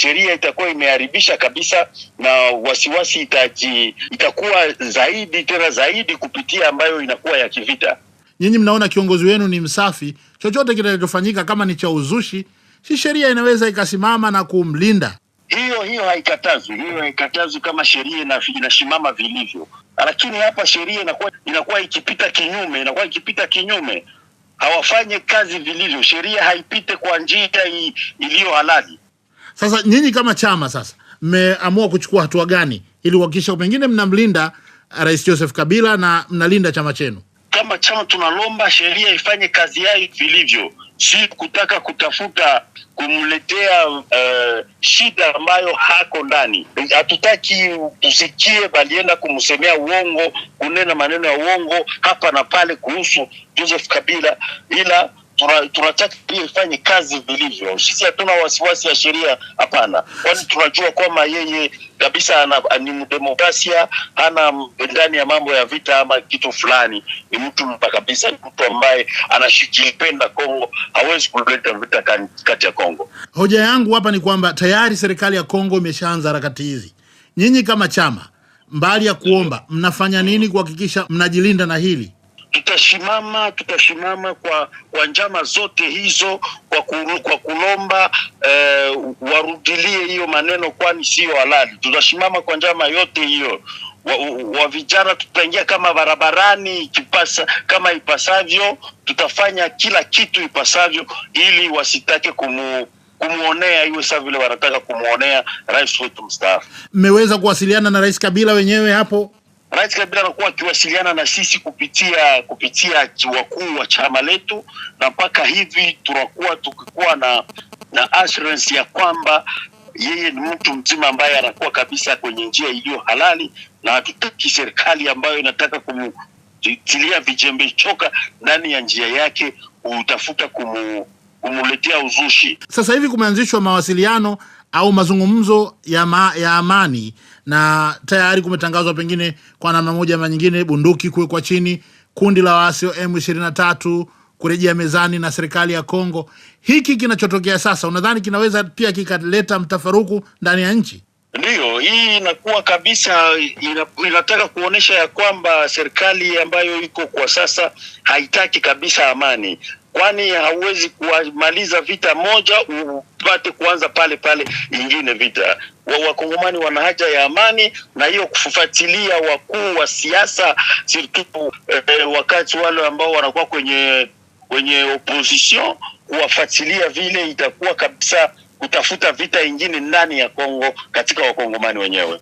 sheria itakuwa imeharibisha kabisa, na wasiwasi itaji, itakuwa zaidi tena zaidi kupitia ambayo inakuwa ya kivita. Nyinyi mnaona kiongozi wenu ni msafi, chochote kinachofanyika kama ni cha uzushi, si sheria inaweza ikasimama na kumlinda? Hiyo hiyo haikatazwi, hiyo haikatazwi kama sheria inasimama vilivyo, lakini hapa sheria inakuwa inakuwa ikipita kinyume, inakuwa ikipita kinyume hawafanye kazi vilivyo. Sheria haipite kwa njia iliyo halali. Sasa nyinyi kama chama sasa mmeamua kuchukua hatua gani ili kuhakikisha pengine mnamlinda uh, Rais Joseph Kabila na mnalinda chama chenu? Kama chama tunalomba sheria ifanye kazi yake vilivyo, si kutaka kutafuta kumletea uh, shida ambayo hako ndani. Hatutaki tusikie balienda kumsemea uongo, kunena maneno ya uongo hapa na pale kuhusu Joseph Kabila, ila tunataka pia ifanye kazi vilivyo. Sisi hatuna wasiwasi ya sheria, hapana, kwani tunajua kwamba yeye kabisa ni mdemokrasia hana ndani ya mambo ya vita ama kitu fulani. Ni mtu mpa kabisa, ni mtu ambaye anashikilipenda Kongo, hawezi kuleta vita kati ya Kongo. Hoja yangu hapa ni kwamba tayari serikali ya Kongo imeshaanza harakati hizi. Nyinyi kama chama, mbali ya kuomba, mnafanya nini kuhakikisha mnajilinda na hili? tutasimama tutasimama kwa, kwa njama zote hizo kwa, kuru, kwa kulomba e, warudilie hiyo maneno, kwani siyo halali. Tutasimama kwa njama yote hiyo wa, wa vijana tutaingia kama barabarani ikipasa, kama ipasavyo. Tutafanya kila kitu ipasavyo ili wasitake kumu kumuonea iwe sa vile wanataka kumuonea rais wetu mstaafu. Mmeweza kuwasiliana na Rais Kabila wenyewe hapo? Rais Kabila anakuwa akiwasiliana na sisi kupitia kupitia wakuu wa chama letu, na mpaka hivi tunakuwa tukikuwa na na assurance ya kwamba yeye ni mtu mzima ambaye anakuwa kabisa kwenye njia iliyo halali, na hatutaki serikali ambayo inataka kumtilia vijembe choka ndani ya njia yake, hutafuta kumu kumuletea uzushi. Sasa hivi kumeanzishwa mawasiliano au mazungumzo ya, ma, ya amani na tayari kumetangazwa pengine kwa namna moja ama nyingine bunduki kuwekwa chini, kundi la waasi wa M23 kurejea mezani na serikali ya Kongo. Hiki kinachotokea sasa, unadhani kinaweza pia kikaleta mtafaruku ndani ya nchi? Ndiyo, hii inakuwa kabisa inataka kuonyesha ya kwamba serikali ambayo iko kwa sasa haitaki kabisa amani, kwani hauwezi kumaliza vita moja upate kuanza pale pale ingine vita. Wakongomani wana haja ya amani, na hiyo kufuatilia wakuu wa siasa sirtu eh, wakati wale ambao wanakuwa kwenye kwenye opposition kuwafuatilia vile itakuwa kabisa kutafuta vita ingine ndani ya Kongo katika wakongomani wenyewe.